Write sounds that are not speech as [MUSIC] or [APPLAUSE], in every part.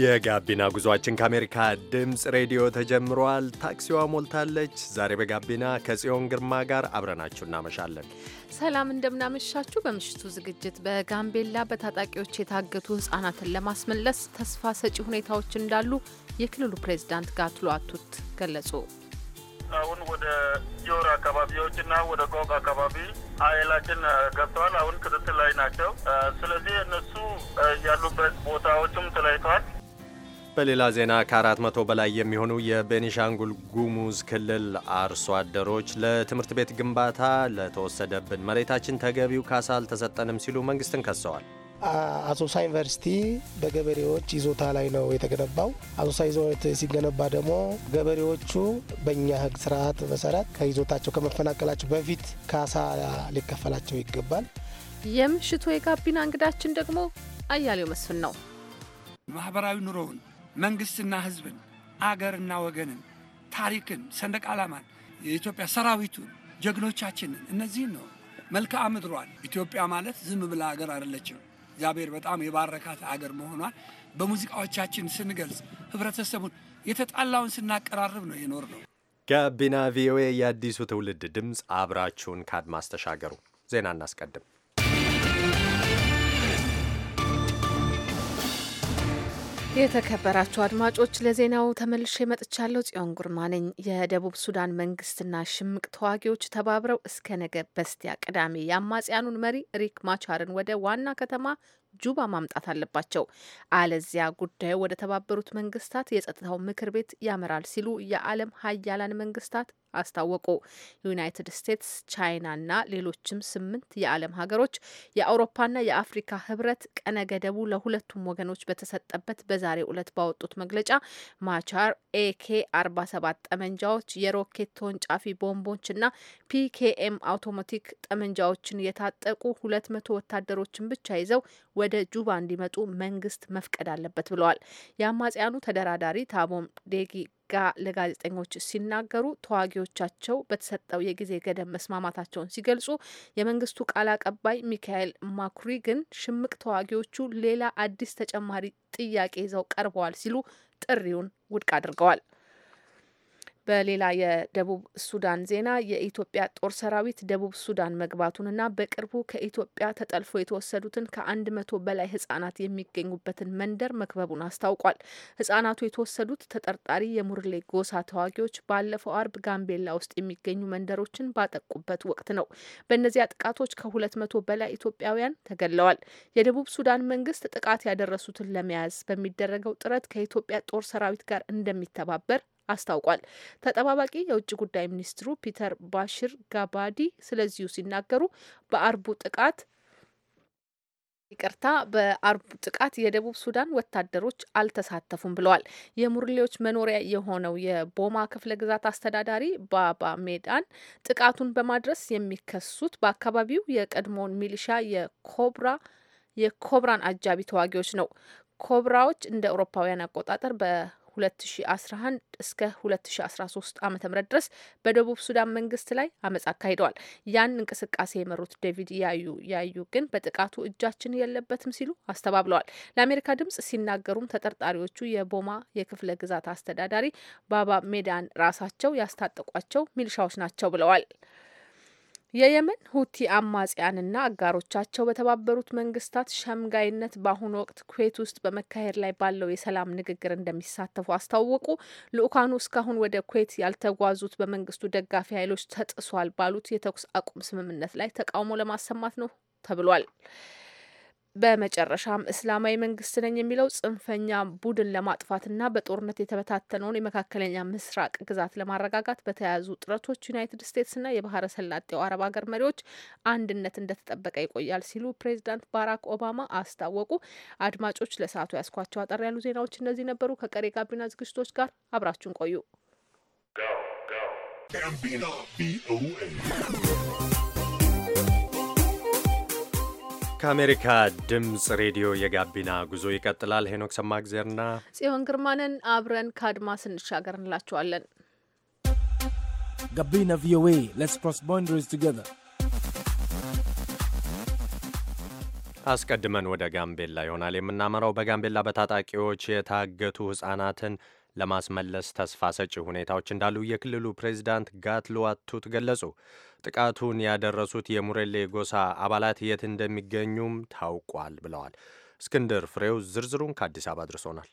የጋቢና ጉዟችን ከአሜሪካ ድምፅ ሬዲዮ ተጀምሯል። ታክሲዋ ሞልታለች። ዛሬ በጋቢና ከጽዮን ግርማ ጋር አብረናችሁ እናመሻለን። ሰላም እንደምናመሻችሁ። በምሽቱ ዝግጅት በጋምቤላ በታጣቂዎች የታገቱ ሕጻናትን ለማስመለስ ተስፋ ሰጪ ሁኔታዎች እንዳሉ የክልሉ ፕሬዚዳንት ጋትሎ አቱት ገለጹ። አሁን ወደ ጆር አካባቢዎችና ወደ ቆቅ አካባቢ ኃይላችን ገብተዋል። አሁን ክትትል ላይ ናቸው። ስለዚህ እነሱ ያሉበት ቦታዎችም ተለይተዋል። በሌላ ዜና ከአራት መቶ በላይ የሚሆኑ የቤኒሻንጉል ጉሙዝ ክልል አርሶ አደሮች ለትምህርት ቤት ግንባታ ለተወሰደብን መሬታችን ተገቢው ካሳ አልተሰጠንም ሲሉ መንግስትን ከሰዋል። አሶሳ ዩኒቨርሲቲ በገበሬዎች ይዞታ ላይ ነው የተገነባው። አሶሳ ይዞት ሲገነባ ደግሞ ገበሬዎቹ በእኛ ሕግ ስርዓት መሰረት ከይዞታቸው ከመፈናቀላቸው በፊት ካሳ ሊከፈላቸው ይገባል። የምሽቱ የጋቢና እንግዳችን ደግሞ አያሌው መስፍን ነው። ማህበራዊ ኑሮውን መንግስትና ህዝብን፣ አገርና ወገንን፣ ታሪክን፣ ሰንደቅ ዓላማን፣ የኢትዮጵያ ሰራዊቱን፣ ጀግኖቻችንን እነዚህን ነው መልክዓ ምድሯን። ኢትዮጵያ ማለት ዝም ብላ አገር አይደለችም። እግዚአብሔር በጣም የባረካት አገር መሆኗን በሙዚቃዎቻችን ስንገልጽ ህብረተሰቡን የተጣላውን ስናቀራርብ ነው የኖር ነው። ጋቢና ቪኦኤ የአዲሱ ትውልድ ድምፅ፣ አብራችሁን ካድማስ ተሻገሩ። ዜና እናስቀድም። የተከበራችሁ አድማጮች ለዜናው ተመልሼ መጥቻለሁ። ጽዮን ጉርማ ነኝ። የደቡብ ሱዳን መንግስትና ሽምቅ ተዋጊዎች ተባብረው እስከ ነገ በስቲያ ቅዳሜ የአማጽያኑን መሪ ሪክ ማቻርን ወደ ዋና ከተማ ጁባ ማምጣት አለባቸው፣ አለዚያ ጉዳዩ ወደ ተባበሩት መንግስታት የጸጥታው ምክር ቤት ያመራል ሲሉ የዓለም ሀያላን መንግስታት አስታወቁ። ዩናይትድ ስቴትስ፣ ቻይናና ሌሎችም ስምንት የዓለም ሀገሮች የአውሮፓና የአፍሪካ ህብረት ቀነ ገደቡ ለሁለቱም ወገኖች በተሰጠበት በዛሬው ዕለት ባወጡት መግለጫ ማቻር ኤኬ 47 ጠመንጃዎች፣ የሮኬት ተወንጫፊ ቦምቦችና ፒኬኤም አውቶማቲክ ጠመንጃዎችን የታጠቁ ሁለት መቶ ወታደሮችን ብቻ ይዘው ወደ ጁባ እንዲመጡ መንግስት መፍቀድ አለበት ብለዋል። የአማጽያኑ ተደራዳሪ ታቦም ዴጊ ጋ ለጋዜጠኞች ሲናገሩ ተዋጊዎቻቸው በተሰጠው የጊዜ ገደብ መስማማታቸውን ሲገልጹ የመንግስቱ ቃል አቀባይ ሚካኤል ማኩሪ ግን ሽምቅ ተዋጊዎቹ ሌላ አዲስ ተጨማሪ ጥያቄ ይዘው ቀርበዋል ሲሉ ጥሪውን ውድቅ አድርገዋል። በሌላ የደቡብ ሱዳን ዜና የኢትዮጵያ ጦር ሰራዊት ደቡብ ሱዳን መግባቱንና በቅርቡ ከኢትዮጵያ ተጠልፎ የተወሰዱትን ከአንድ መቶ በላይ ህጻናት የሚገኙበትን መንደር መክበቡን አስታውቋል። ህጻናቱ የተወሰዱት ተጠርጣሪ የሙርሌ ጎሳ ተዋጊዎች ባለፈው አርብ ጋምቤላ ውስጥ የሚገኙ መንደሮችን ባጠቁበት ወቅት ነው። በእነዚያ ጥቃቶች ከሁለት መቶ በላይ ኢትዮጵያውያን ተገለዋል። የደቡብ ሱዳን መንግስት ጥቃት ያደረሱትን ለመያዝ በሚደረገው ጥረት ከኢትዮጵያ ጦር ሰራዊት ጋር እንደሚተባበር አስታውቋል። ተጠባባቂ የውጭ ጉዳይ ሚኒስትሩ ፒተር ባሽር ጋባዲ ስለዚሁ ሲናገሩ በአርቡ ጥቃት ይቅርታ በአርቡ ጥቃት የደቡብ ሱዳን ወታደሮች አልተሳተፉም ብለዋል። የሙርሌዎች መኖሪያ የሆነው የቦማ ክፍለ ግዛት አስተዳዳሪ ባባ ሜዳን ጥቃቱን በማድረስ የሚከሱት በአካባቢው የቀድሞውን ሚሊሻ የኮብራ የኮብራን አጃቢ ተዋጊዎች ነው። ኮብራዎች እንደ አውሮፓውያን አቆጣጠር በ 2011 እስከ 2013 ዓ ም ድረስ በደቡብ ሱዳን መንግስት ላይ አመፅ አካሂደዋል። ያን እንቅስቃሴ የመሩት ዴቪድ ያዩ ያዩ ግን በጥቃቱ እጃችን የለበትም ሲሉ አስተባብለዋል። ለአሜሪካ ድምጽ ሲናገሩም ተጠርጣሪዎቹ የቦማ የክፍለ ግዛት አስተዳዳሪ ባባ ሜዳን ራሳቸው ያስታጠቋቸው ሚልሻዎች ናቸው ብለዋል። የየመን ሁቲ አማጽያንና አጋሮቻቸው በተባበሩት መንግስታት ሸምጋይነት በአሁኑ ወቅት ኩዌት ውስጥ በመካሄድ ላይ ባለው የሰላም ንግግር እንደሚሳተፉ አስታወቁ። ልኡካኑ እስካሁን ወደ ኩዌት ያልተጓዙት በመንግስቱ ደጋፊ ኃይሎች ተጥሷል ባሉት የተኩስ አቁም ስምምነት ላይ ተቃውሞ ለማሰማት ነው ተብሏል። በመጨረሻም እስላማዊ መንግስት ነኝ የሚለው ጽንፈኛ ቡድን ለማጥፋትና በጦርነት የተበታተነውን የመካከለኛ ምስራቅ ግዛት ለማረጋጋት በተያያዙ ጥረቶች ዩናይትድ ስቴትስና የባህረ ሰላጤው አረብ ሀገር መሪዎች አንድነት እንደተጠበቀ ይቆያል ሲሉ ፕሬዚዳንት ባራክ ኦባማ አስታወቁ። አድማጮች ለሰዓቱ ያስኳቸው አጠር ያሉ ዜናዎች እነዚህ ነበሩ። ከቀሪ ጋቢና ዝግጅቶች ጋር አብራችሁን ቆዩ። ከአሜሪካ ድምፅ ሬዲዮ የጋቢና ጉዞ ይቀጥላል። ሄኖክ ሰማግዜርና ጽዮን ግርማንን አብረን ከአድማስ ስንሻገር እንላቸዋለን። ጋቢና ቪኦኤ ሌትስ ክሮስ ቦንደሪስ ቱጌዘር። አስቀድመን ወደ ጋምቤላ ይሆናል የምናመራው። በጋምቤላ በታጣቂዎች የታገቱ ህጻናትን ለማስመለስ ተስፋ ሰጪ ሁኔታዎች እንዳሉ የክልሉ ፕሬዚዳንት ጋት ሉዋቱት ገለጹ። ጥቃቱን ያደረሱት የሙሬሌ ጎሳ አባላት የት እንደሚገኙም ታውቋል ብለዋል። እስክንድር ፍሬው ዝርዝሩን ከአዲስ አበባ አድርሶናል።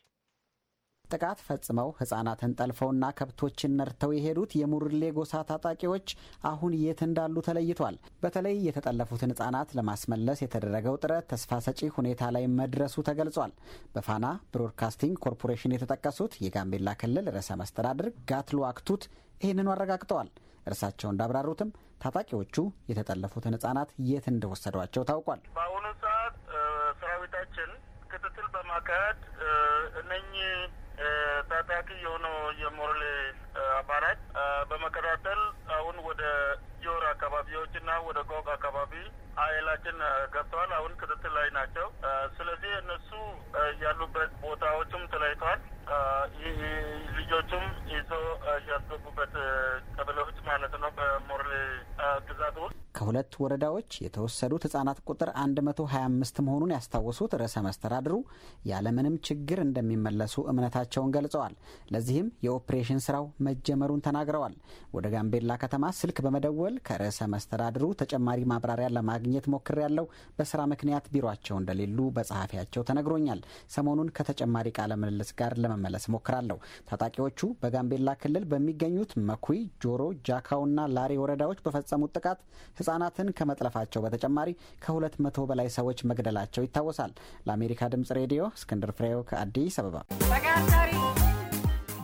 ጥቃት ፈጽመው ህጻናትን ጠልፈውና ከብቶችን ነርተው የሄዱት የሙርሌ ጎሳ ታጣቂዎች አሁን የት እንዳሉ ተለይቷል። በተለይ የተጠለፉትን ህጻናት ለማስመለስ የተደረገው ጥረት ተስፋ ሰጪ ሁኔታ ላይ መድረሱ ተገልጿል። በፋና ብሮድካስቲንግ ኮርፖሬሽን የተጠቀሱት የጋምቤላ ክልል ርዕሰ መስተዳድር ጋትሎ አክቱት ይህንኑ አረጋግጠዋል። እርሳቸው እንዳብራሩትም ታጣቂዎቹ የተጠለፉትን ህጻናት የት እንደወሰዷቸው ታውቋል። በአሁኑ ሰዓት ሰራዊታችን ክትትል በማካሄድ አማራጭ በመከታተል አሁን ወደ ጆር አካባቢዎችና ወደ ጎግ አካባቢ ኃይላችን ገብተዋል። አሁን ክትትል ላይ ናቸው። ስለዚህ እነሱ ያሉበት ቦታዎችም ተለይተዋል። ልጆቹም ይዞ ያስገቡበት ቀበሌዎች ማለት ነው ከሁለት ወረዳዎች የተወሰዱት ህጻናት ቁጥር 125 መሆኑን ያስታወሱት ርዕሰ መስተዳድሩ ያለምንም ችግር እንደሚመለሱ እምነታቸውን ገልጸዋል። ለዚህም የኦፕሬሽን ስራው መጀመሩን ተናግረዋል። ወደ ጋምቤላ ከተማ ስልክ በመደወል ከርዕሰ መስተዳድሩ ተጨማሪ ማብራሪያ ለማግኘት ሞክር ያለው በስራ ምክንያት ቢሯቸው እንደሌሉ በጸሐፊያቸው ተነግሮኛል። ሰሞኑን ከተጨማሪ ቃለ ምልልስ ጋር ለመመለስ ሞክራለሁ። ታጣቂዎቹ በጋምቤላ ክልል በሚገኙት መኩይ፣ ጆሮ፣ ጃካውና ላሬ ወረዳዎች በፈጸሙት ጥቃት ህጻናትን ከመጥለፋቸው በተጨማሪ ከሁለት መቶ በላይ ሰዎች መግደላቸው ይታወሳል። ለአሜሪካ ድምጽ ሬዲዮ እስክንድር ፍሬው ከአዲስ አበባ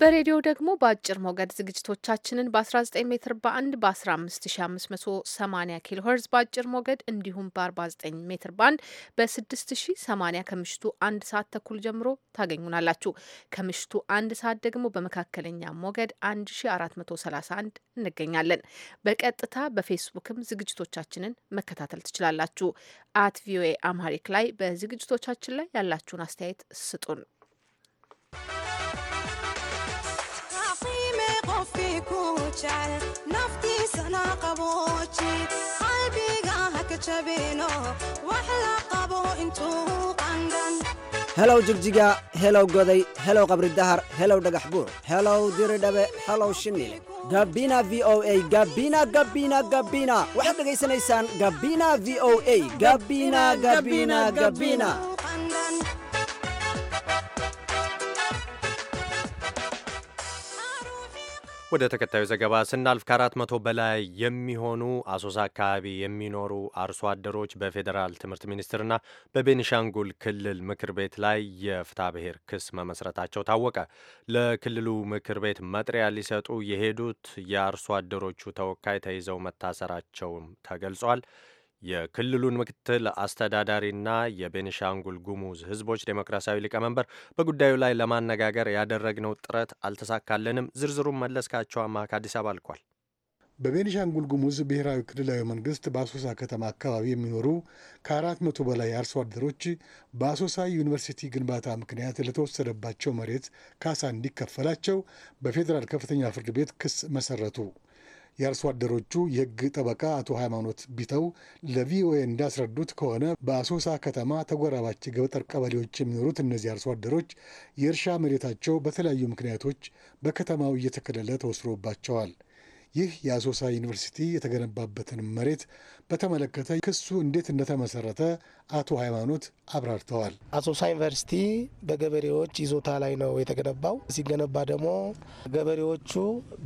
በሬዲዮ ደግሞ በአጭር ሞገድ ዝግጅቶቻችንን በ19 ሜትር ባንድ በ15580 ኪሎ ሄርዝ በአጭር ሞገድ እንዲሁም በ49 ሜትር ባንድ በ6080 ከምሽቱ አንድ ሰዓት ተኩል ጀምሮ ታገኙናላችሁ። ከምሽቱ አንድ ሰዓት ደግሞ በመካከለኛ ሞገድ 1431 እንገኛለን። በቀጥታ በፌስቡክም ዝግጅቶቻችንን መከታተል ትችላላችሁ። አት ቪኦኤ አምሃሪክ ላይ በዝግጅቶቻችን ላይ ያላችሁን አስተያየት ስጡን። qofkii kuu jecel helow jigjiga helow goday helow qabri dahar helow dhagax buur helow diridhabe helow shiniile gabina v o a gabina gabina gabina waxaad dhegaysanaysaan gabina v o a gabina gabina gabina ወደ ተከታዩ ዘገባ ስናልፍ ከአራት መቶ በላይ የሚሆኑ አሶሳ አካባቢ የሚኖሩ አርሶ አደሮች በፌዴራል ትምህርት ሚኒስቴርና በቤኒሻንጉል ክልል ምክር ቤት ላይ የፍትሐ ብሔር ክስ መመስረታቸው ታወቀ። ለክልሉ ምክር ቤት መጥሪያ ሊሰጡ የሄዱት የአርሶ አደሮቹ ተወካይ ተይዘው መታሰራቸውም ተገልጿል። የክልሉን ምክትል አስተዳዳሪና የቤኒሻንጉል ጉሙዝ ህዝቦች ዴሞክራሲያዊ ሊቀመንበር በጉዳዩ ላይ ለማነጋገር ያደረግነው ጥረት አልተሳካልንም። ዝርዝሩን መለስካቸው አማህ ከአዲስ አበባ አልኳል። በቤኒሻንጉል ጉሙዝ ብሔራዊ ክልላዊ መንግስት በአሶሳ ከተማ አካባቢ የሚኖሩ ከአራት መቶ በላይ አርሶ አደሮች በአሶሳ ዩኒቨርሲቲ ግንባታ ምክንያት ለተወሰደባቸው መሬት ካሳ እንዲከፈላቸው በፌዴራል ከፍተኛ ፍርድ ቤት ክስ መሰረቱ። የአርሶ አደሮቹ የህግ ጠበቃ አቶ ሃይማኖት ቢተው ለቪኦኤ እንዳስረዱት ከሆነ በአሶሳ ከተማ ተጎራባች ገበጠር ቀበሌዎች የሚኖሩት እነዚህ አርሶ አደሮች የእርሻ መሬታቸው በተለያዩ ምክንያቶች በከተማው እየተከለለ ተወስሮባቸዋል። ይህ የአሶሳ ዩኒቨርሲቲ የተገነባበትን መሬት በተመለከተ ክሱ እንዴት እንደተመሰረተ አቶ ሃይማኖት አብራርተዋል። አሶሳ ዩኒቨርሲቲ በገበሬዎች ይዞታ ላይ ነው የተገነባው። ሲገነባ ደግሞ ገበሬዎቹ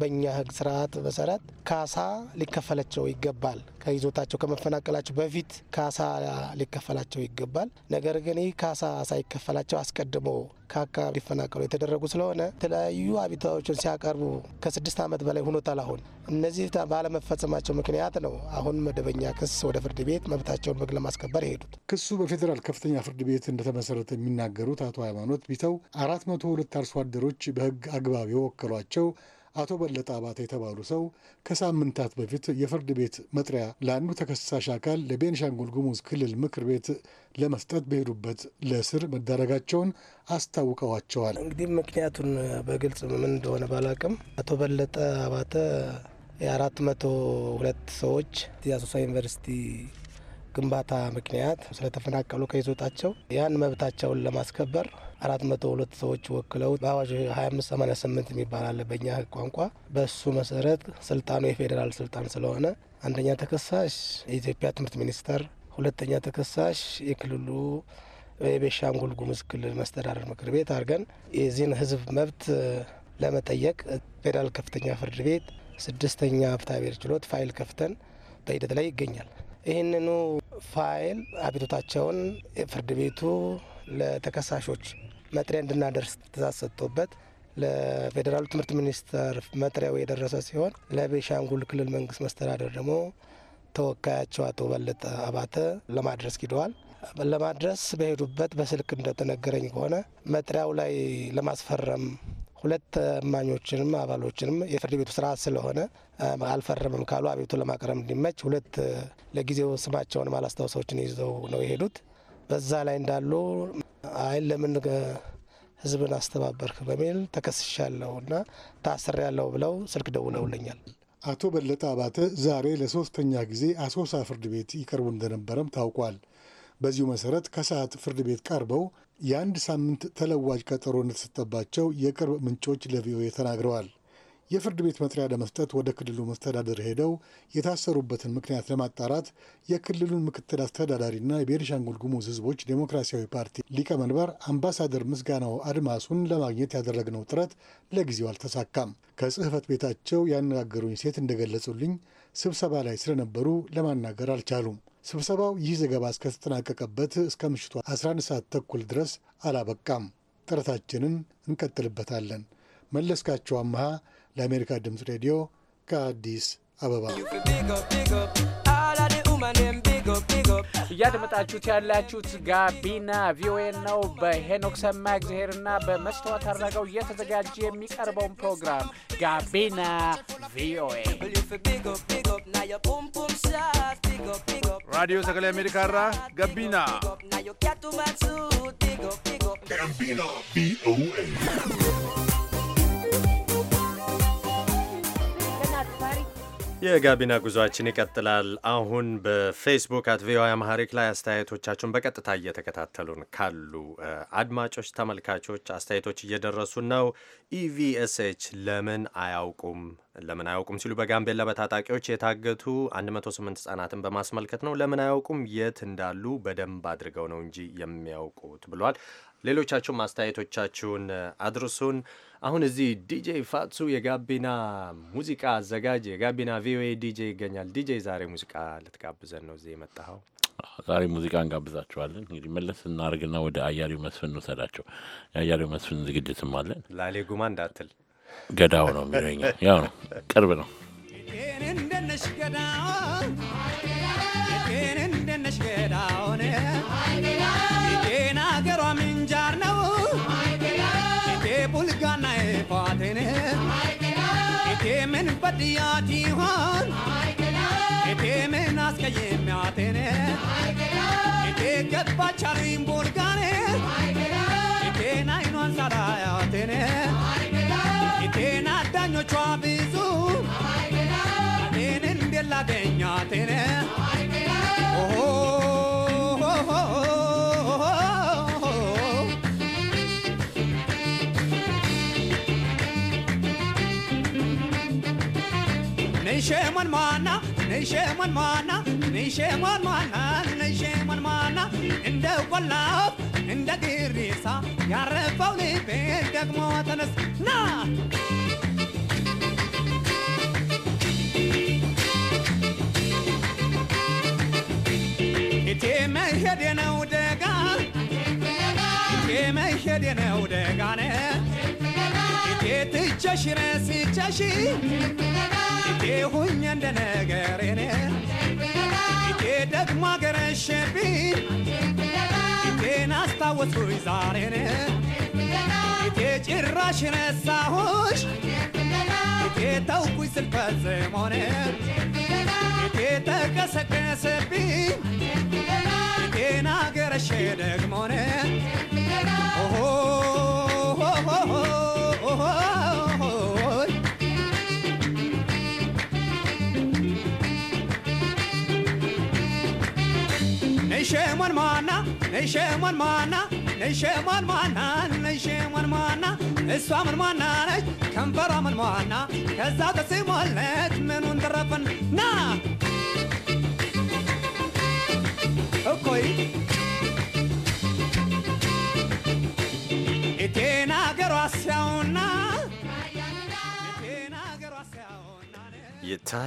በእኛ ህግ ስርዓት መሰረት ካሳ ሊከፈላቸው ይገባል። ከይዞታቸው ከመፈናቀላቸው በፊት ካሳ ሊከፈላቸው ይገባል። ነገር ግን ይህ ካሳ ሳይከፈላቸው አስቀድሞ ከአካባቢ ሊፈናቀሉ የተደረጉ ስለሆነ የተለያዩ አቤቱታዎችን ሲያቀርቡ ከስድስት ዓመት በላይ ሆኖታል አሁን እነዚህ ባለመፈጸማቸው ምክንያት ነው አሁን መደበኛ ክስ ወደ ፍርድ ቤት መብታቸውን በግ ለማስከበር የሄዱት። ክሱ በፌዴራል ከፍተኛ ፍርድ ቤት እንደተመሰረተ የሚናገሩት አቶ ሃይማኖት ቢተው አራት መቶ ሁለት አርሶ አደሮች በህግ አግባብ የወከሏቸው አቶ በለጠ አባተ የተባሉ ሰው ከሳምንታት በፊት የፍርድ ቤት መጥሪያ ለአንዱ ተከሳሽ አካል ለቤንሻንጉል ጉሙዝ ክልል ምክር ቤት ለመስጠት በሄዱበት ለእስር መዳረጋቸውን አስታውቀዋቸዋል። እንግዲህ ምክንያቱን በግልጽ ምን እንደሆነ ባላቅም አቶ በለጠ አባተ የአራት መቶ ሁለት ሰዎች የአሶሳ ዩኒቨርሲቲ ግንባታ ምክንያት ስለተፈናቀሉ ከይዞታቸው ያን መብታቸውን ለማስከበር አራት መቶ ሁለት ሰዎች ወክለው በአዋጅ 2588 የሚባል አለ በእኛ ቋንቋ። በሱ መሰረት ስልጣኑ የፌዴራል ስልጣን ስለሆነ አንደኛ ተከሳሽ የኢትዮጵያ ትምህርት ሚኒስቴር፣ ሁለተኛ ተከሳሽ የክልሉ የቤንሻንጉል ጉሙዝ ክልል መስተዳደር ምክር ቤት አድርገን የዚህን ህዝብ መብት ለመጠየቅ ፌዴራል ከፍተኛ ፍርድ ቤት ስድስተኛ ፍትሐብሔር ችሎት ፋይል ከፍተን በሂደት ላይ ይገኛል። ይህንኑ ፋይል አቤቱታቸውን ፍርድ ቤቱ ለተከሳሾች መጥሪያ እንድናደርስ ትእዛዝ ሰጥቶበት ለፌዴራሉ ትምህርት ሚኒስቴር መጥሪያው የደረሰ ሲሆን ለቤሻንጉል ክልል መንግስት መስተዳደር ደግሞ ተወካያቸው አቶ በለጠ አባተ ለማድረስ ሂደዋል። ለማድረስ በሄዱበት በስልክ እንደተነገረኝ ከሆነ መጥሪያው ላይ ለማስፈረም ሁለት እማኞችንም አባሎችንም የፍርድ ቤቱ ስራ ስለሆነ አልፈረምም ካሉ አቤቱ ለማቅረብ እንዲመች ሁለት ለጊዜው ስማቸውን ማላስታውሰዎችን ይዘው ነው የሄዱት። በዛ ላይ እንዳሉ አይን ለምን ህዝብን አስተባበርክ በሚል ተከስሻለሁ እና ታስር ያለው ብለው ስልክ ደውለውልኛል። አቶ በለጠ አባተ ዛሬ ለሶስተኛ ጊዜ አሶሳ ፍርድ ቤት ይቀርቡ እንደነበረም ታውቋል። በዚሁ መሰረት ከሰዓት ፍርድ ቤት ቀርበው የአንድ ሳምንት ተለዋጅ ቀጠሮ እንደተሰጠባቸው የቅርብ ምንጮች ለቪኦኤ ተናግረዋል። የፍርድ ቤት መጥሪያ ለመስጠት ወደ ክልሉ መስተዳደር ሄደው የታሰሩበትን ምክንያት ለማጣራት የክልሉን ምክትል አስተዳዳሪና የቤኒሻንጉል ጉሙዝ ሕዝቦች ዴሞክራሲያዊ ፓርቲ ሊቀመንበር አምባሳደር ምስጋናው አድማሱን ለማግኘት ያደረግነው ጥረት ለጊዜው አልተሳካም። ከጽህፈት ቤታቸው ያነጋገሩኝ ሴት እንደገለጹልኝ ስብሰባ ላይ ስለነበሩ ለማናገር አልቻሉም። ስብሰባው ይህ ዘገባ እስከተጠናቀቀበት እስከ ምሽቱ 11 ሰዓት ተኩል ድረስ አላበቃም። ጥረታችንን እንቀጥልበታለን። መለስካቸው አመሃ ለአሜሪካ ድምፅ ሬዲዮ ከአዲስ አበባ። እያደመጣችሁት ያላችሁት ጋቢና ቪኦኤ ነው። በሄኖክ ሰማ እግዚአብሔርና በመስተዋት አድረገው እየተዘጋጀ የሚቀርበውን ፕሮግራም ጋቢና ቪኦኤ raadiyoo sagalee ameerikaa irraa gabbiina. gabbiina voa. የጋቢና ጉዟችን ይቀጥላል። አሁን በፌስቡክ አት ቪኦኤ አማሐሪክ ላይ አስተያየቶቻችሁን በቀጥታ እየተከታተሉን ካሉ አድማጮች፣ ተመልካቾች አስተያየቶች እየደረሱ ነው። ኢቪኤስኤች ለምን አያውቁም ለምን አያውቁም ሲሉ በጋምቤላ በታጣቂዎች የታገቱ 108 ህጻናትን በማስመልከት ነው። ለምን አያውቁም? የት እንዳሉ በደንብ አድርገው ነው እንጂ የሚያውቁት ብሏል። ሌሎቻችሁም አስተያየቶቻችሁን አድርሱን። አሁን እዚህ ዲጄ ፋጹ የጋቢና ሙዚቃ አዘጋጅ የጋቢና ቪኦኤ ዲጄ ይገኛል። ዲጄ ዛሬ ሙዚቃ ልትጋብዘን ነው እዚህ የመጣኸው? ዛሬ ሙዚቃ እንጋብዛችኋለን። እንግዲህ መለስ እናርግና ወደ አያሌው መስፍን እንውሰዳቸው። የአያሌው መስፍን ዝግጅትም አለን። ላሌ ጉማ እንዳትል ገዳው ነው የሚለኛ ያው ነው ቅርብ ነው። ጉድያት ይሆን እቴ ምን አስቀየሚያቴን እቴ ገባች አሉኝ ቦልጋኔ እቴን አይኗን ሳላያቴን እቴን አዳኞቿ ብዙ እቴን እንዴት ሼሞን ማና ሼሞን ማና እንደ ቆላው እንደ ግሪሳ ያረፈው ልቤ ደግሞ ተነስ ና እቴ መሄድ ነው ደጋን እቴ መሄድ ነው ደጋን እቴ ትቸሽ ረስቸሽ እቴ ሁኝ እንደ ነገሬን ፊቴ ደግሞ አገረሸብኝ ፊቴን አስታወስኩኝ ዛሬን ፊቴ ጭራሽ ረሳሁሽ ፊቴ ተውኩኝ ስል ፈጽሞን ተቀሰቀሰብኝ ፊቴን አገረሸ ደግሞን man مانا نيشي man mana, نيشي من مانا نيشي من man እሷ ምን ማናነች ከንፈሯ man መዋና ከዛ ተሲሞለት ምኑን ትረፍን ና እኮይ ኢቴን አገሯ ሲያውና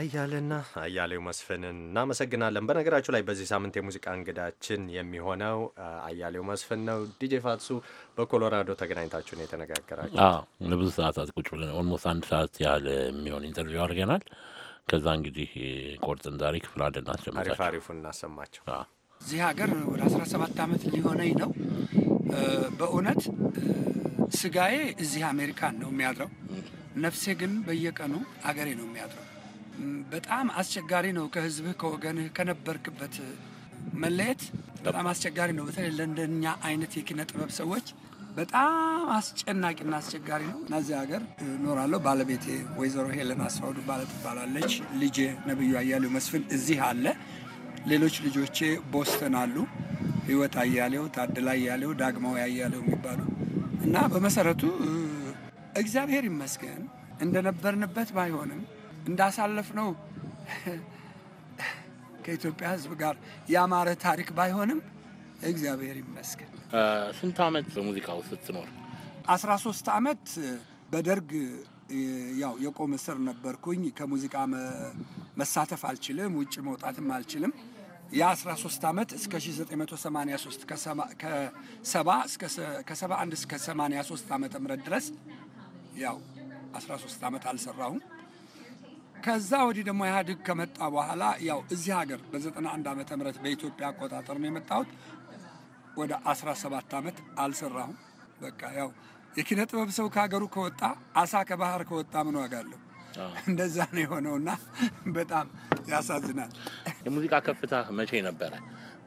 እያለና አያሌው መስፍንን እናመሰግናለን። በነገራችሁ ላይ በዚህ ሳምንት የሙዚቃ እንግዳችን የሚሆነው አያሌው መስፍን ነው። ዲጄ ፋትሱ በኮሎራዶ ተገናኝታችሁን የተነጋገራችሁ ለብዙ ሰዓታት ቁጭ ብለን ኦልሞስት አንድ ሰዓት ያህል የሚሆን ኢንተርቪው አድርገናል። ከዛ እንግዲህ ቆርጥን ዛሬ ክፍል አንድ አሪፍ አሪፉን እናሰማቸው። እዚህ ሀገር ወደ 17 ዓመት ሊሆነኝ ነው። በእውነት ስጋዬ እዚህ አሜሪካን ነው የሚያድረው፣ ነፍሴ ግን በየቀኑ አገሬ ነው የሚያድረው። በጣም አስቸጋሪ ነው። ከህዝብህ ከወገንህ ከነበርክበት መለየት በጣም አስቸጋሪ ነው። በተለይ ለእንደኛ አይነት የኪነ ጥበብ ሰዎች በጣም አስጨናቂና አስቸጋሪ ነው እና እዚህ ሀገር እኖራለሁ። ባለቤቴ ወይዘሮ ሄለን አስፋውዱ ባለ ትባላለች። ልጄ ነብዩ አያሌው መስፍን እዚህ አለ። ሌሎች ልጆቼ ቦስተን አሉ። ህይወት አያሌው፣ ታድላ አያሌው፣ ዳግማዊ አያሌው የሚባሉ እና በመሰረቱ እግዚአብሔር ይመስገን እንደነበርንበት ባይሆንም እንዳሳለፍ ነው ከኢትዮጵያ ሕዝብ ጋር ያማረ ታሪክ ባይሆንም እግዚአብሔር ይመስገን። ስንት ዓመት በሙዚቃ ውስጥ ስትኖር? አስራ ሶስት ዓመት በደርግ ያው የቆመ ስር ነበርኩኝ። ከሙዚቃ መሳተፍ አልችልም፣ ውጭ መውጣትም አልችልም። የ13 ዓመት እስከ 1983 ከ71 እስከ 83 ዓመተ ምህረት ድረስ ያው 13 ዓመት አልሰራሁም። ከዛ ወዲህ ደግሞ ኢህአዴግ ከመጣ በኋላ ያው እዚህ ሀገር በ91 ዓመተ ምህረት በኢትዮጵያ አቆጣጠር ነው የመጣሁት። ወደ 17 ዓመት አልሰራሁም። በቃ ያው የኪነ ጥበብ ሰው ከሀገሩ ከወጣ አሳ ከባህር ከወጣ ምን ዋጋ አለው? እንደዛ ነው የሆነውና በጣም ያሳዝናል። የሙዚቃ ከፍታ መቼ ነበረ?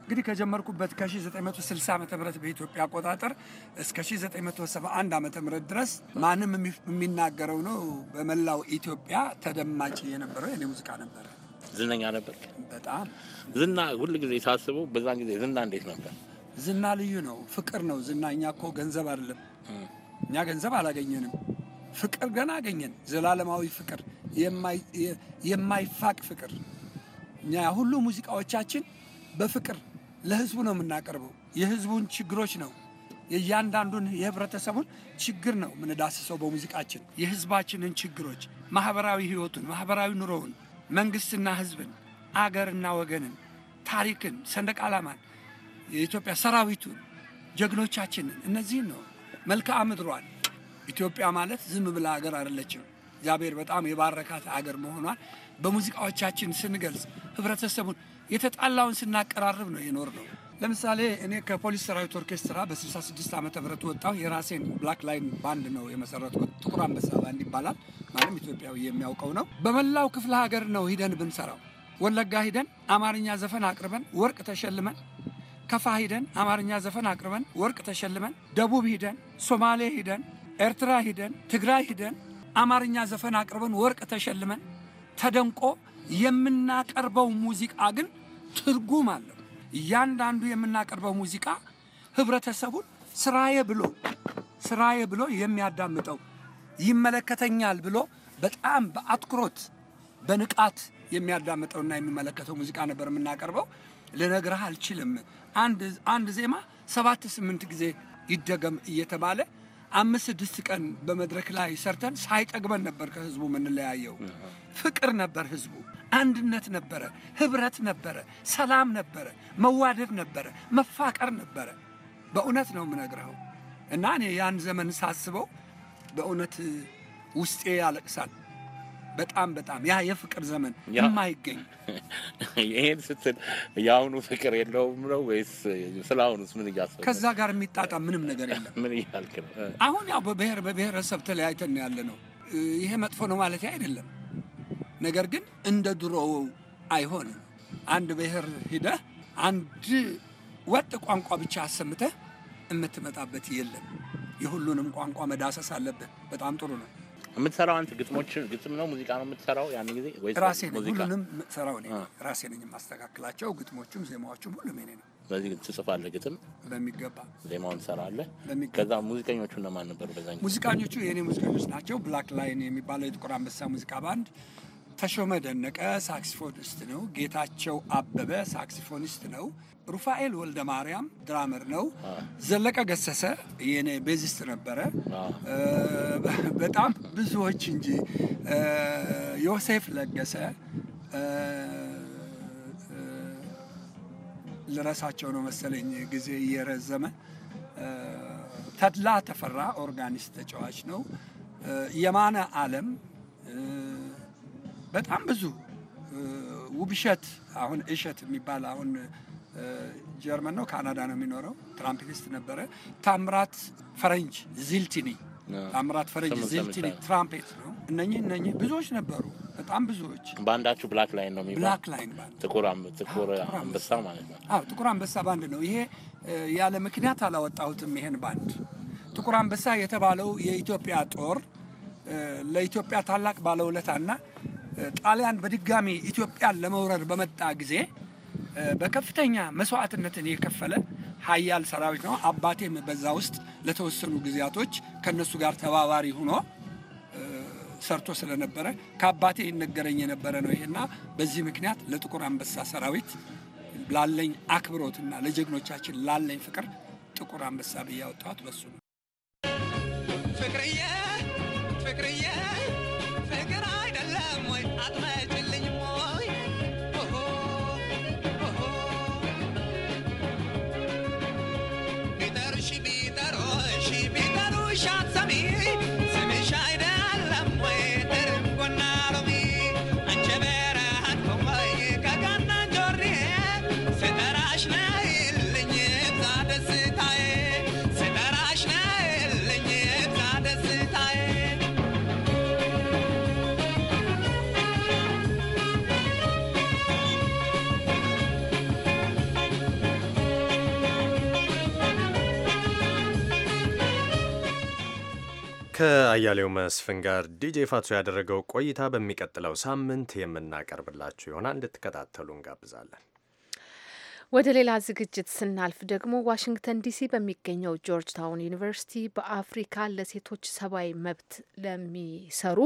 እንግዲህ ከጀመርኩበት ከ1960 ም በኢትዮጵያ አቆጣጠር እስከ 1971 ም ድረስ ማንም የሚናገረው ነው። በመላው ኢትዮጵያ ተደማጭ የነበረው የኔ ሙዚቃ ነበረ። ዝነኛ ነበር። በጣም ዝና ሁል ጊዜ ሳስበው፣ በዛን ጊዜ ዝና እንዴት ነበር? ዝና ልዩ ነው። ፍቅር ነው ዝና። እኛ እኮ ገንዘብ አይደለም፣ እኛ ገንዘብ አላገኘንም። ፍቅር ገና አገኘን። ዘላለማዊ ፍቅር፣ የማይፋቅ ፍቅር። እኛ ሁሉ ሙዚቃዎቻችን በፍቅር ለህዝቡ ነው የምናቀርበው። የህዝቡን ችግሮች ነው የእያንዳንዱን የህብረተሰቡን ችግር ነው የምንዳስሰው በሙዚቃችን። የህዝባችንን ችግሮች፣ ማህበራዊ ህይወቱን፣ ማህበራዊ ኑሮውን፣ መንግስትና ህዝብን፣ አገርና ወገንን፣ ታሪክን፣ ሰንደቅ ዓላማን፣ የኢትዮጵያ ሰራዊቱን፣ ጀግኖቻችንን እነዚህን ነው መልክዓ ምድሯን። ኢትዮጵያ ማለት ዝም ብላ ሀገር አይደለችም። እግዚአብሔር በጣም የባረካት አገር መሆኗን በሙዚቃዎቻችን ስንገልጽ ህብረተሰቡን የተጣላውን ስናቀራርብ ነው የኖር ነው። ለምሳሌ እኔ ከፖሊስ ሰራዊት ኦርኬስትራ በ66 ዓመተ ምህረት ወጣሁ። የራሴን ብላክ ላይን ባንድ ነው የመሰረትኩት። ጥቁር አንበሳ ባንድ ይባላል። ማለም ኢትዮጵያዊ የሚያውቀው ነው። በመላው ክፍለ ሀገር ነው ሂደን ብንሰራው። ወለጋ ሂደን አማርኛ ዘፈን አቅርበን ወርቅ ተሸልመን፣ ከፋ ሂደን አማርኛ ዘፈን አቅርበን ወርቅ ተሸልመን፣ ደቡብ ሂደን፣ ሶማሌ ሂደን፣ ኤርትራ ሂደን፣ ትግራይ ሂደን አማርኛ ዘፈን አቅርበን ወርቅ ተሸልመን ተደንቆ የምናቀርበው ሙዚቃ ግን ትርጉም አለው። እያንዳንዱ የምናቀርበው ሙዚቃ ህብረተሰቡን ስራዬ ብሎ ስራዬ ብሎ የሚያዳምጠው ይመለከተኛል ብሎ በጣም በአትኩሮት በንቃት የሚያዳምጠውና የሚመለከተው ሙዚቃ ነበር የምናቀርበው። ልነግርህ አልችልም። አንድ ዜማ ሰባት ስምንት ጊዜ ይደገም እየተባለ አምስት ስድስት ቀን በመድረክ ላይ ሰርተን ሳይጠግበን ነበር ከህዝቡ የምንለያየው። ፍቅር ነበር፣ ህዝቡ አንድነት ነበረ፣ ህብረት ነበረ፣ ሰላም ነበረ፣ መዋደድ ነበረ፣ መፋቀር ነበረ። በእውነት ነው የምነግረው እና እኔ ያን ዘመን ሳስበው በእውነት ውስጤ ያለቅሳል። በጣም በጣም ያ የፍቅር ዘመን የማይገኝ [LAUGHS] ይሄን ስትል የአሁኑ ፍቅር የለውም ነው ወይስ ስለ አሁኑስ ምን እያሰብህ? ከዛ ጋር የሚጣጣም ምንም ነገር የለም። [LAUGHS] ምን እያልክ ነው? አሁን ያው በብሔር በብሔረሰብ ተለያይተን ያለ ነው። ይሄ መጥፎ ነው ማለት አይደለም። ነገር ግን እንደ ድሮ አይሆንም። አንድ ብሔር ሂደህ አንድ ወጥ ቋንቋ ብቻ አሰምተህ የምትመጣበት የለም። የሁሉንም ቋንቋ መዳሰስ አለብህ። በጣም ጥሩ ነው። የምትሰራው አንተ ግጥሞችን ግጥም ነው ሙዚቃ ነው የምትሰራው? ያን ጊዜ ወይስ ራሴ ነኝ? ሁሉንም የምትሰራው እኔ ራሴ ነኝ የማስተካክላቸው። ግጥሞቹም ዜማዎቹም ሁሉም እኔ ነው። በዚህ ትጽፋለህ ግጥም በሚገባ ዜማውን ትሰራለህ። ከዛ ሙዚቀኞቹ እነማን ነበሩ በዛኛው? ሙዚቀኞቹ የእኔ ሙዚቀኞች ናቸው። ብላክ ላይን የሚባለው የጥቁር አንበሳ ሙዚቃ ባንድ ተሾመ ደነቀ ሳክሲፎኒስት ነው። ጌታቸው አበበ ሳክሲፎኒስት ነው። ሩፋኤል ወልደ ማርያም ድራመር ነው። ዘለቀ ገሰሰ የኔ ቤዚስት ነበረ። በጣም ብዙዎች እንጂ ዮሴፍ ለገሰ ልረሳቸው ነው መሰለኝ ጊዜ እየረዘመ። ተድላ ተፈራ ኦርጋኒስት ተጫዋች ነው። የማነ አለም በጣም ብዙ ውብሸት አሁን እሸት የሚባል አሁን ጀርመን ነው ካናዳ ነው የሚኖረው ትራምፒሊስት ነበረ። ታምራት ፈረንጅ ዚልቲኒ ታምራት ፈረንጅ ዚልቲኒ ትራምፔት ነው። እነኚህ እነኚህ ብዙዎች ነበሩ። በጣም ብዙዎች በአንዳችሁ ብላክ ላይን ነው የሚባል ብላክ ላይን ጥቁር አንበሳ ማለት ነው። አዎ ጥቁር አንበሳ ባንድ ነው ይሄ። ያለ ምክንያት አላወጣሁትም ይሄን ባንድ። ጥቁር አንበሳ የተባለው የኢትዮጵያ ጦር ለኢትዮጵያ ታላቅ ባለውለታና ጣሊያን በድጋሚ ኢትዮጵያን ለመውረር በመጣ ጊዜ በከፍተኛ መስዋዕትነትን የከፈለ ሀያል ሰራዊት ነው። አባቴም በዛ ውስጥ ለተወሰኑ ጊዜያቶች ከነሱ ጋር ተባባሪ ሆኖ ሰርቶ ስለነበረ ከአባቴ ይነገረኝ የነበረ ነው ይሄና በዚህ ምክንያት ለጥቁር አንበሳ ሰራዊት ላለኝ አክብሮትና ለጀግኖቻችን ላለኝ ፍቅር ጥቁር አንበሳ ብዬ ያወጣሁት በሱ ነው። ፍቅርዬ ፍቅርዬ ፍቅር አይደለም ወይ ከአያሌው መስፍን ጋር ዲጄ ፋትሶ ያደረገው ቆይታ በሚቀጥለው ሳምንት የምናቀርብላችሁ ይሆናል። እንድትከታተሉ እንጋብዛለን። ወደ ሌላ ዝግጅት ስናልፍ ደግሞ ዋሽንግተን ዲሲ በሚገኘው ጆርጅ ታውን ዩኒቨርሲቲ በአፍሪካ ለሴቶች ሰብአዊ መብት ለሚሰሩ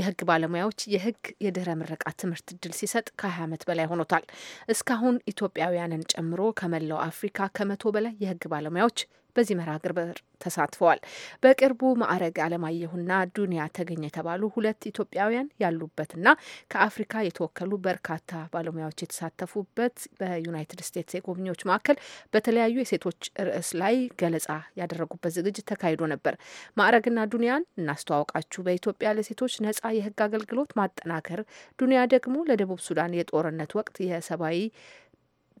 የህግ ባለሙያዎች የህግ የድህረ ምረቃ ትምህርት እድል ሲሰጥ ከ20 ዓመት በላይ ሆኖታል። እስካሁን ኢትዮጵያውያንን ጨምሮ ከመላው አፍሪካ ከመቶ በላይ የህግ ባለሙያዎች በዚህ መርሃ ግብር ተሳትፈዋል። በቅርቡ ማዕረግ አለማየሁና ዱንያ ተገኘ የተባሉ ሁለት ኢትዮጵያውያን ያሉበትና ከአፍሪካ የተወከሉ በርካታ ባለሙያዎች የተሳተፉበት በዩናይትድ ስቴትስ የጎብኚዎች ማዕከል በተለያዩ የሴቶች ርዕስ ላይ ገለጻ ያደረጉበት ዝግጅት ተካሂዶ ነበር። ማዕረግና ዱኒያን እናስተዋውቃችሁ በኢትዮጵያ ለሴቶች ነጻ የህግ አገልግሎት ማጠናከር፣ ዱንያ ደግሞ ለደቡብ ሱዳን የጦርነት ወቅት የሰብአዊ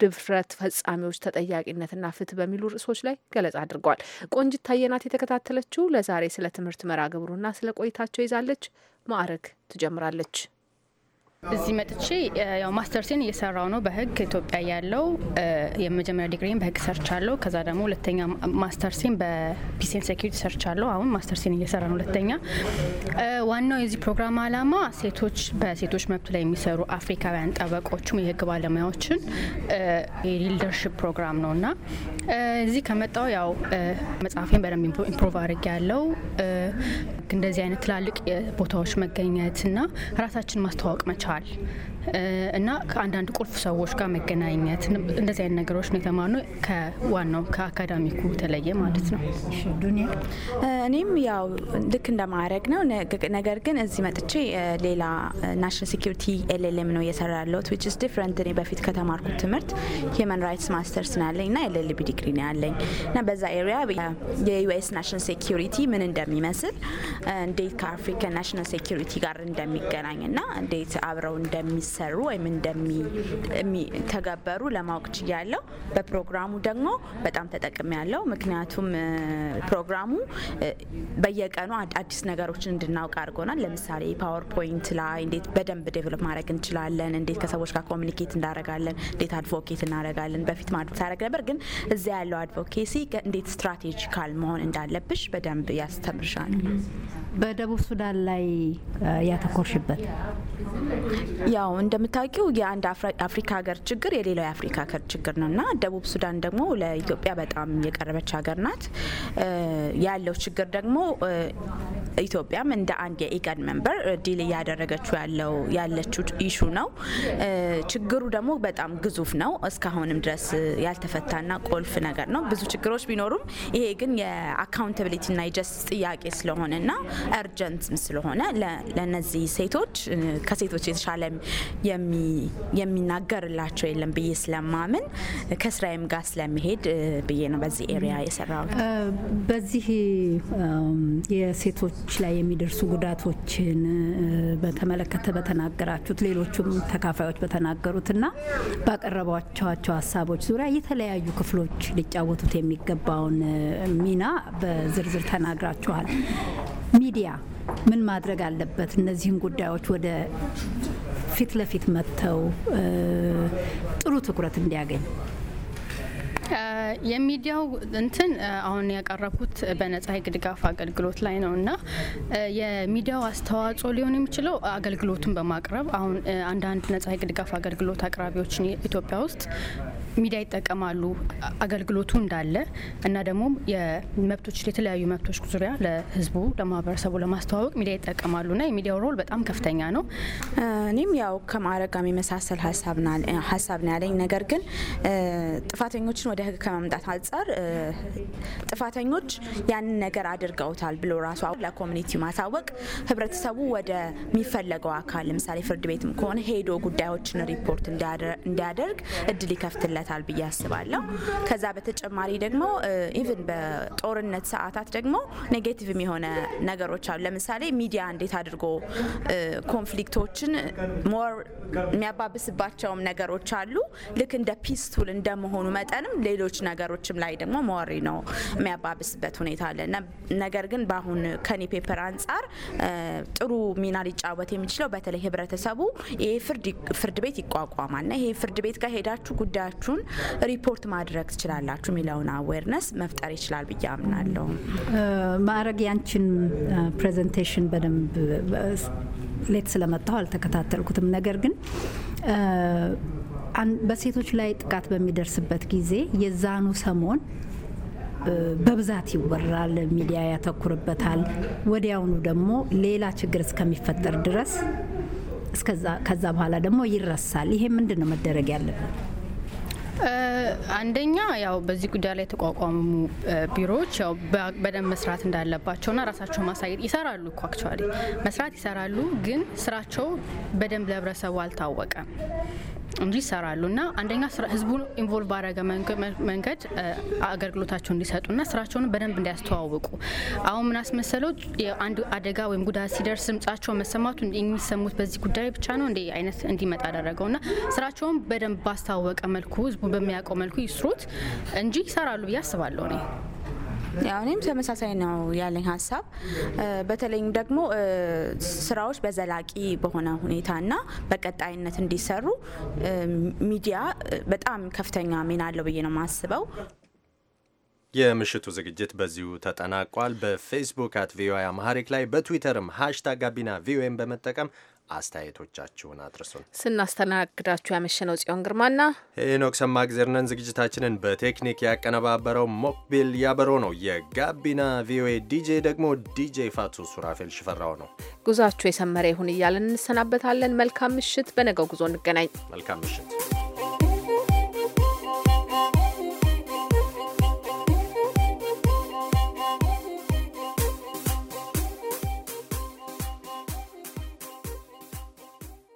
ድፍረት ፈጻሚዎች ተጠያቂነትና ፍትህ በሚሉ ርዕሶች ላይ ገለጻ አድርገዋል። ቆንጅት ታየናት የተከታተለችው ለዛሬ ስለ ትምህርት መርሃ ግብሩና ስለ ቆይታቸው ይዛለች። ማዕረግ ትጀምራለች። እዚህ መጥቼ ያው ማስተርሴን እየሰራው ነው በህግ ኢትዮጵያ ያለው የመጀመሪያ ዲግሪን በህግ ሰርቻለሁ። ከዛ ደግሞ ሁለተኛ ማስተርሴን በፒሲን ሴኪሪቲ ሰርቻለሁ። አሁን ማስተርሴን እየሰራ ነው ሁለተኛ። ዋናው የዚህ ፕሮግራም አላማ ሴቶች በሴቶች መብት ላይ የሚሰሩ አፍሪካውያን ጠበቆችም የህግ ባለሙያዎችን የሊደርሽፕ ፕሮግራም ነው እና እዚህ ከመጣው ያው መጽሐፌን በደንብ ኢምፕሮቭ አድርግ ያለው እንደዚህ አይነት ትላልቅ ቦታዎች መገኘትና ራሳችን ማስተዋወቅ መቻል much እና ከአንዳንድ ቁልፍ ሰዎች ጋር መገናኘት እንደዚህ አይነት ነገሮች ነው የተማርነው፣ ከዋናው ከአካዳሚኩ ተለየ ማለት ነው። ዱኒያ እኔም ያው ልክ እንደማድረግ ነው። ነገር ግን እዚህ መጥቼ ሌላ ናሽናል ሴኪሪቲ ኤልኤልኤም ነው እየሰራ ያለሁት ዊች ኢዝ ዲፍረንት። እኔ በፊት ከተማርኩት ትምህርት ሂውማን ራይትስ ማስተርስ ነው ያለኝ እና ኤልኤልቢ ዲግሪ ነው ያለኝ እና በዛ ኤሪያ የዩኤስ ናሽናል ሴኪሪቲ ምን እንደሚመስል እንዴት ከአፍሪካን ናሽናል ሴኪሪቲ ጋር እንደሚገናኝ እና እንዴት አብረው እንደሚስ እንደሚሰሩ ወይም እንደሚተገበሩ ለማወቅ ችያለሁ። በፕሮግራሙ ደግሞ በጣም ተጠቅም ያለው ምክንያቱም ፕሮግራሙ በየቀኑ አዲስ ነገሮችን እንድናውቅ አድርጎናል። ለምሳሌ ፓወርፖይንት ላይ እንዴት በደንብ ዴቨሎፕ ማድረግ እንችላለን፣ እንዴት ከሰዎች ጋር ኮሚኒኬት እንዳረጋለን፣ እንዴት አድቮኬት እናረጋለን። በፊት ማድቮኬት ታደረግ ነበር፣ ግን እዚያ ያለው አድቮኬሲ እንዴት ስትራቴጂካል መሆን እንዳለብሽ በደንብ ያስተምርሻል። በደቡብ ሱዳን ላይ ያተኮርሽበት ያው እንደምታውቂው የአንድ አፍሪካ ሀገር ችግር የሌላው የአፍሪካ ሀገር ችግር ነው እና ደቡብ ሱዳን ደግሞ ለኢትዮጵያ በጣም የቀረበች ሀገር ናት። ያለው ችግር ደግሞ ኢትዮጵያም እንደ አንድ የኢጋድ መንበር ዲል እያደረገችው ያለው ያለችው ኢሹ ነው። ችግሩ ደግሞ በጣም ግዙፍ ነው። እስካሁንም ድረስ ያልተፈታና ቁልፍ ነገር ነው። ብዙ ችግሮች ቢኖሩም ይሄ ግን የአካውንታብሊቲና የጀስቲስ ጥያቄ ስለሆነና እርጀንት ስለሆነ ለነዚህ ሴቶች ከሴቶች የተሻለ የሚናገርላቸው የለም ብዬ ስለማምን ከስራዬም ጋር ስለሚሄድ ብዬ ነው በዚህ ኤሪያ የሰራው። በዚህ የሴቶች ሰዎች ላይ የሚደርሱ ጉዳቶችን በተመለከተ በተናገራችሁት ሌሎቹም ተካፋዮች በተናገሩትና ባቀረቧቸዋቸው ሀሳቦች ዙሪያ የተለያዩ ክፍሎች ሊጫወቱት የሚገባውን ሚና በዝርዝር ተናግራችኋል። ሚዲያ ምን ማድረግ አለበት? እነዚህን ጉዳዮች ወደ ፊት ለፊት መጥተው ጥሩ ትኩረት እንዲያገኝ የሚዲያው እንትን አሁን ያቀረብኩት በነጻ ህግ ድጋፍ አገልግሎት ላይ ነው እና የሚዲያው አስተዋጽኦ ሊሆን የሚችለው አገልግሎቱን በማቅረብ አሁን አንዳንድ ነጻ ህግ ድጋፍ አገልግሎት አቅራቢዎችን ኢትዮጵያ ውስጥ ሚዲያ ይጠቀማሉ አገልግሎቱ እንዳለ እና ደግሞ የመብቶች የተለያዩ መብቶች ዙሪያ ለህዝቡ ለማህበረሰቡ ለማስተዋወቅ ሚዲያ ይጠቀማሉ እና የሚዲያው ሮል በጣም ከፍተኛ ነው። እኔም ያው ከማረጋም የመሳሰል ሀሳብ ነው ያለኝ። ነገር ግን ጥፋተኞችን ወደ ህግ ከማምጣት አንጻር ጥፋተኞች ያንን ነገር አድርገውታል ብሎ ራሱ ለኮሚኒቲ ማሳወቅ ህብረተሰቡ ወደሚፈለገው አካል ለምሳሌ ፍርድ ቤትም ከሆነ ሄዶ ጉዳዮችን ሪፖርት እንዲያደርግ እድል ይከፍትለታል። ይጠቅምበታል ብዬ አስባለሁ። ከዛ በተጨማሪ ደግሞ ኢቭን በጦርነት ሰዓታት ደግሞ ኔጌቲቭም የሆነ ነገሮች አሉ። ለምሳሌ ሚዲያ እንዴት አድርጎ ኮንፍሊክቶችን ሞር የሚያባብስባቸውም ነገሮች አሉ። ልክ እንደ ፒስቱል እንደመሆኑ መጠንም ሌሎች ነገሮችም ላይ ደግሞ ሞሪ ነው የሚያባብስበት ሁኔታ አለ። ነገር ግን በአሁን ከኒ ፔፐር አንጻር ጥሩ ሚና ሊጫወት የሚችለው በተለይ ህብረተሰቡ ይሄ ፍርድ ቤት ይቋቋማል ና ይሄ ፍርድ ቤት ጋር ሄዳችሁ መሆኑን ሪፖርት ማድረግ ትችላላችሁ የሚለውን አዌርነስ መፍጠር ይችላል ብዬ አምናለሁ። ማዕረግ ያንቺን ፕሬዘንቴሽን በደንብ ሌት ስለመጣሁ አልተከታተልኩትም። ነገር ግን በሴቶች ላይ ጥቃት በሚደርስበት ጊዜ የዛኑ ሰሞን በብዛት ይወራል፣ ሚዲያ ያተኩርበታል። ወዲያውኑ ደግሞ ሌላ ችግር እስከሚፈጠር ድረስ ከዛ በኋላ ደግሞ ይረሳል። ይሄ ምንድን ነው መደረግ ያለበት? አንደኛ ያው በዚህ ጉዳይ ላይ የተቋቋሙ ቢሮዎች ያው በደንብ መስራት እንዳለባቸውና ራሳቸው ማሳየት ይሰራሉ እኮ አክቹዋሊ መስራት ይሰራሉ፣ ግን ስራቸው በደንብ ለህብረተሰቡ አልታወቀም። እንጂ ይሰራሉ እና አንደኛ ህዝቡን ኢንቮልቭ ባደረገ መንገድ አገልግሎታቸውን እንዲሰጡና ስራቸውን በደንብ እንዲያስተዋውቁ። አሁን ምን አስመሰለው አንድ አደጋ ወይም ጉዳት ሲደርስ ድምጻቸው መሰማቱ የሚሰሙት በዚህ ጉዳይ ብቻ ነው እንዴ አይነት እንዲመጣ አደረገውና ስራቸውን በደንብ ባስተዋወቀ መልኩ ህዝቡ በሚያውቀው መልኩ ይስሩት እንጂ ይሰራሉ ብዬ አስባለሁ እኔ። ያው እኔም ተመሳሳይ ነው ያለኝ ሀሳብ። በተለይም ደግሞ ስራዎች በዘላቂ በሆነ ሁኔታና በቀጣይነት እንዲሰሩ ሚዲያ በጣም ከፍተኛ ሚና አለው ብዬ ነው የማስበው። የምሽቱ ዝግጅት በዚሁ ተጠናቋል። በፌስቡክ አት ቪኦኤ አማሐሪክ ላይ በትዊተርም ሀሽታግ ጋቢና ቪኦኤን በመጠቀም አስተያየቶቻችሁን አድርሱን። ስናስተናግዳችሁ ያመሸነው ጽዮን ግርማና ሄኖክ ሰማእግዜር ነን። ዝግጅታችንን በቴክኒክ ያቀነባበረው ሞክቢል ያበሮ ነው። የጋቢና ቪኦኤ ዲጄ ደግሞ ዲጄ ፋቱ ሱራፌል ሽፈራው ነው። ጉዟችሁ የሰመረ ይሁን እያለን እንሰናበታለን። መልካም ምሽት። በነገው ጉዞ እንገናኝ። መልካም ምሽት።